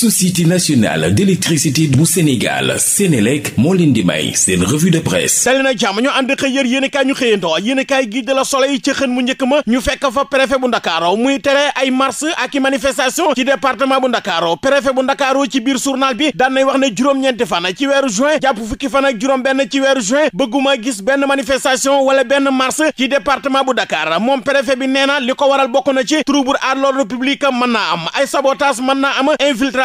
société nationale d'électricité bu Sénégal Sénélec moo leen di may de presse tali na jàmm ñu ànd xëy yër i kaay ñu xëyandoo yéen i kaay gi ci xën mu njëkk ma ñu fekk fa préfet bu Ndakaaru muy tere ay marche ak i manifestation ci département bu Ndakaaru préfet bu Ndakaaru ci biir journal bi daan wax ne juróom-ñeenti fan ci weeru juin jàpp fukki fan juróom benn ci weeru juin bëgguma gis benn manifestation wala benn marche ci département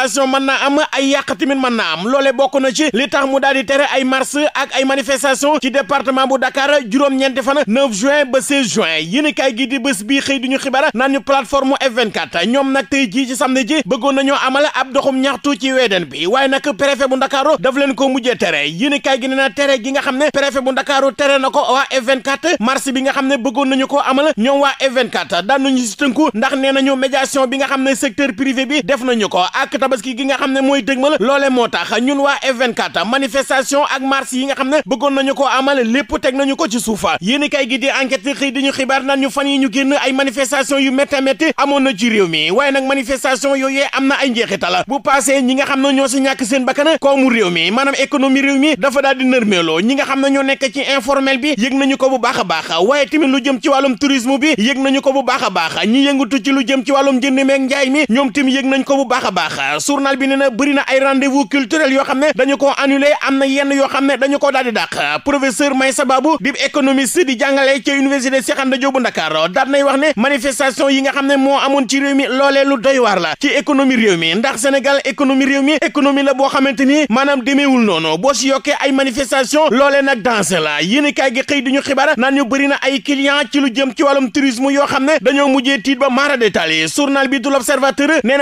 manifestation mën naa am ay yàq tamit mën naa am bokk na ci li tax mu daal di tere ay marche ak ay manifestation ci département bu Dakar juróom-ñeenti fan 9 juin ba 16 juin yéen kay gi di bés bii xëy du ñu xibaar naan ñu plateforme f ñoom nag tey jii ci samedi ji bëggoon nañoo amal ab doxum ñaxtu ci weeden bi waaye nag préfet bu Ndakaaru daf leen ko mujjee tere yéen kay gi nee na tere gi nga xam ne préfet bu Ndakaaru tere na ko waa F24 marche bi nga xam ne bëggoon nañu ko amal ñoom waa F24 daan nañu si tënku ndax bi nga xam ne secteur privé bi def tabaski gi nga xam ne mooy dëgmal loole moo tax ñun waa F24 manifestation ak marche yi nga ne bëggoon nañu ko amal lépp teg nañu ko ci suufa yéen kay gi di enquête xëy di ñu xibaar naan ñu fan yi ñu génn ay manifestation yu métti métti amoon na ci réew mi waaye nag manifestation yooyee am na ay njeexital bu passé ñi nga xam ne ñoo si ñàkk seen bakkan koomu réew mi maanaam économie réew mi dafa daal di nërmeeloo ñi nga xam ne ñoo nekk ci informel bi yëg a baax a baax ñi yëngatu ci lu jëm ci wàllum jënd meeg mi ñoom tamit yëg ko bu baax a journal bi nee na bëri na ay rendez-vous yoo xam ne dañu ko annulé am na yenn yoo xam ne dañu ko daal di dàq professeur Meissa Babou di économiste di jàngale ci université Cheikh wax ne manifestation yi nga xam ne moo amoon ci réew mi loolee lu doy waar la ci économie réew mi ndax Sénégal économie réew mi économie la boo xamante ni maanaam demeewul noonu boo si yokkee ay manifestation loolee na danse la yéen kaay gi xëy di ñu xibaar naan bëri na ay client ci lu jëm ci wàllum tourisme yoo xam ne dañoo mujjee tiit ba maara détaillé journal bi du l'observateur nee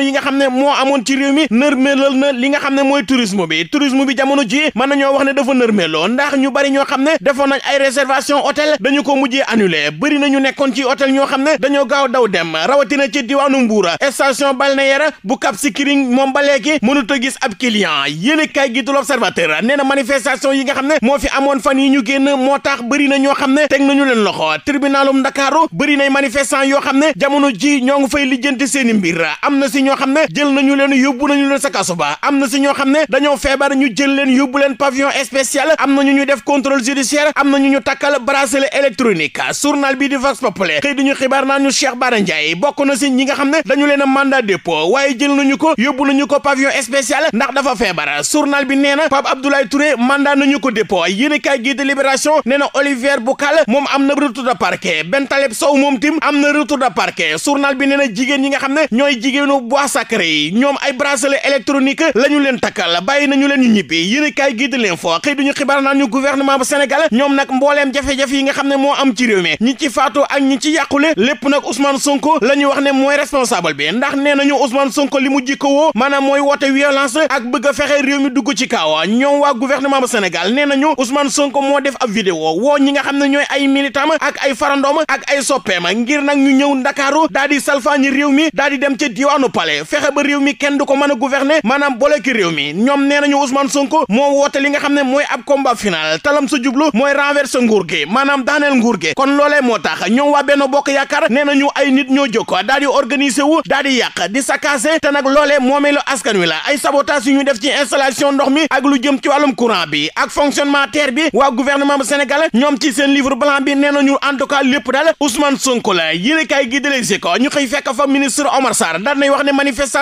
yi nga xam ne moo amoon ci réew mi nërmeelal na li nga xam ne mooy tourisme bi tourisme bi jamono ji mën nañoo wax ne dafa nërmeeloo ndax ñu bari ñoo xam ne defoon nañ ay réservation hôtel dañu ko mujjee annulé bëri na ñu nekkoon ci hôtel ñoo xam ne dañoo gaaw daw dem rawatina ci diwaanu Mbuura ne balnéaire bu Cap Skirring moom ba léegi mënut a gis ab client yéen kay gi du l'observateur nee na manifestation yi nga xam ne moo fi amoon fan yi ñu génn moo tax bëri na ñoo xam ne teg nañu leen loxo tribunalum Ndakaaru bëri nay manifestant yoo xam ne jamono ji ñoo ngi fay lijjanti seen i am na si ñoo xam ne jël nañu leen yóbbu nañu leen sa kaso ba am na si ñoo ne dañoo feebar ñu jël leen yóbbu leen pavillon spécial am na ñu ñu def contrôle judiciaire am na ñu ñu takkal bracelet électronique journal bi di Vox Populi xëy di ñu xibaar naa ñu Cheikh Bara Ndiaye bokk na si ñi nga xam ne dañu leen a mandat dépôt waaye jël nañu ko yóbbu ñu ko pavillon spécial ndax dafa feebar journal bi nee na Pape Abdoulaye Touré mandat nañu ko dépôt yéen i kaay gi de Libération nee moom am na retour de parquet Ben moom tim am na retour de parquet journal bi nee na jigéen ñi nga xam ne ñooy jigéenu bois sacré yi ñoom ay bracelet électronique la ñu leen takkal bàyyi nañu leen ñu ñibbi yéen kaay gi di leen foo xëy duñu xibaar naan ñu gouvernement bu Sénégal ñoom nag mbooleem jafe-jafe yi nga xam ne moo am ci réew mi ñi ci faatu ak ñi ci yàqule lépp nag Ousmane Sonko la ñu wax ne mooy responsable bi ndax nee nañu Ousmane Sonko li mu jikkowoo maanaam mooy woote violence ak bëgg a fexe réew mi dugg ci kaawa ñoom waa gouvernement bu Sénégal nee nañu Ousmane Sonko moo def ab vidéo woo ñi nga xam ne ñooy ay militam ak ay farandoom ak ay soppeema ngir nag ñu ñëw Ndakaaru daal di salfaañi mi daal ba réew mi kenn du ko mën a gouverner maanaam boole ki réew mi ñoom nee nañu Ousmane Sonko moo woote li nga xam ne mooy ab combat final talam sa mooy renverser nguur gi maanaam daaneel kon loolee moo tax ñoom waa Benno Bokk Yaakaar nee nañu ay nit ñoo jokko daal di organiser wu yàq di saccager te nag loolee moomee lu la ay sabotage ñu def ci installation ndox lu jëm ci wàllum courant bi ak fonctionnement bi waa gouvernement bi nee nañu en tout cas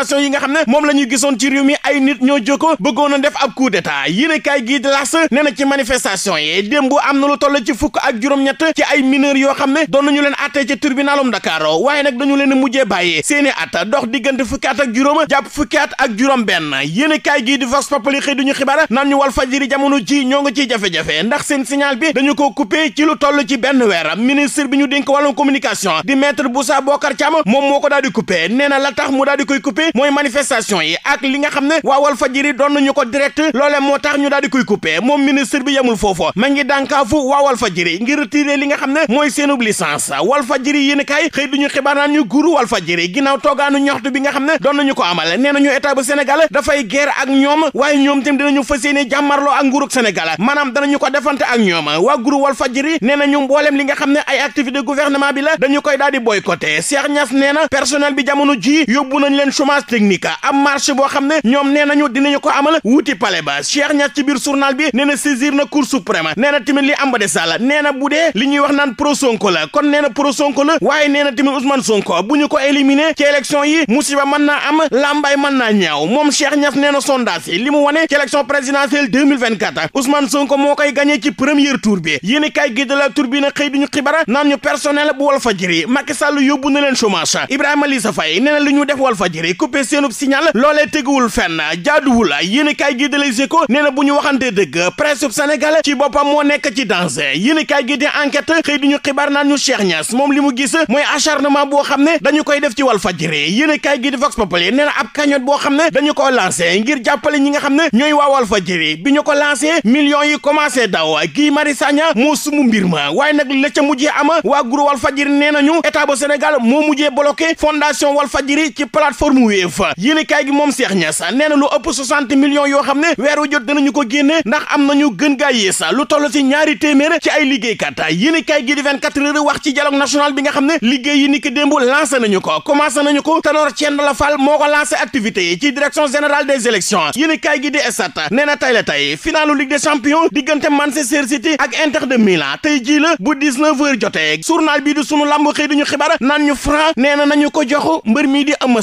manifestation yi nga xam ne moom la ñu gisoon ci réew ay nit ñoo jóko bëggoon a def ab coup d'état yéene kaay gii di las nee na ci manifestation yi démb am na lu toll ci fukk ak juróom-ñett ci ay mineurs yoo xam ne doon nañu leen attee ci tribunalum Dakar waaye nag dañu leen mujjee bàyyi seeni at dox diggante fukki at ak juróom jàpp fukki at ak juróom benn yéene kaay gii di vox populi xëy duñu xibaar naan ñu wal fajiri jamono ji ñoo nga ciy jafe-jafe ndax seen signal bi dañu ko coupé ci lu toll ci benn weer ministre bi ñu dénk wàllum communication di maître Boussa Bokar Thiam moom moo ko daal di coupé nee la tax mu daal di koy coupé mooy manifestation yi ak li nga xam ne waa Walfadjri doon nañu ko direct loole moo tax ñu daal di koy moo moom ministre bi yemul foofu ma ngi dànkaafu waa Walfadjri ngir retiré li nga xam ne mooy seenub licence Walfadjri yéen kay xëy duñu xibaar naan ñu guru Walfadjri ginnaaw toogaanu ñaxtu bi nga xam ne doon nañu ko amal nee nañu état bu Sénégal dafay guerre ak ñoom waaye ñoom tam dinañu ñu yéene jàmmarloo ak nguurug Sénégal maanaam danañu ko defante ak ñoom waa guru Walfadjri nee nañu mbooleem li nga xam ne ay activité gouvernement bi la dañu koy daal di boycotté Cheikh Niass nee na personnel bi jamono ji yóbbu nañ leen chômage Technica ab marché boo xam ne ñoom nee nañu dinañu ko amal wuti palais ba Cheikh Niass ci biir journal bi nee na saisir na Cour suprême nee na tamit li am ba de sàll nee na bu dee li ñuy wax naan pro Sonko la kon nee na pro Sonko la waaye nee na tamit Ousmane Sonko bu ñu ko éliminé ci élection yi musiba mën naa am lambay mën naa ñaaw moom Cheikh Niass nee na sondage yi li mu wane ci élection présidentielle 2024 Ousmane Sonko moo koy gagné ci premier tour bi yéen a kaay gi de la tour bi na ñu personnel bu Walfadjri Macky Sall jàppee seenub signal loolee teguwul fenn jaaduwul yéen i kaay gi de Les Échos nee bu ñu waxantee dëgg presse bu Sénégal ci boppam moo nekk ci danger yéen i kaay gi di xëy di ñu xibaar naan ñu Cheikh Niass moom li mu gis mooy acharnement boo xam ne dañu koy def ci Walf Fadjri yéen i kaay gi di Vox Populi nee na ab cagnotte boo xam ne dañu ko lancé ngir jàppale ñi nga xam ne ñooy waa Walf Fadjri bi ñu ko lancé millions yi commencé daw Guy Marius Sagna moo sumu mbir ma waaye nag la ca mujjee ama waa groupe Walf Fadjri nee nañu état bu Sénégal moo mujjee bloqué fondation Walf Fadjri ci plateforme Pastef yéen kaay gi moom Cheikh Niass nee na lu ëpp 60 millions yoo xam ne weer wu jot danañu ko génne ndax am nañu gën gaa yées lu toll ci ñaari téeméer ci ay liggéeykat yéen kay gi di 24 heures wax ci dialogue national bi nga xam ne liggéey yi ni ki démb lancé nañu ko commencé nañu ko Tanor Thiendella Fall moo ko lancé activité ci direction générale des élections yéen kaay gi di Stades nee na tey la tey finalu Ligue des champions diggante Manchester City de Milan tey jii la bu 19 heures jotee journal bii di sunu lamb xëy di ñu xibaar naan ñu franc nee na nañu ko jox mbër mii di Eumeu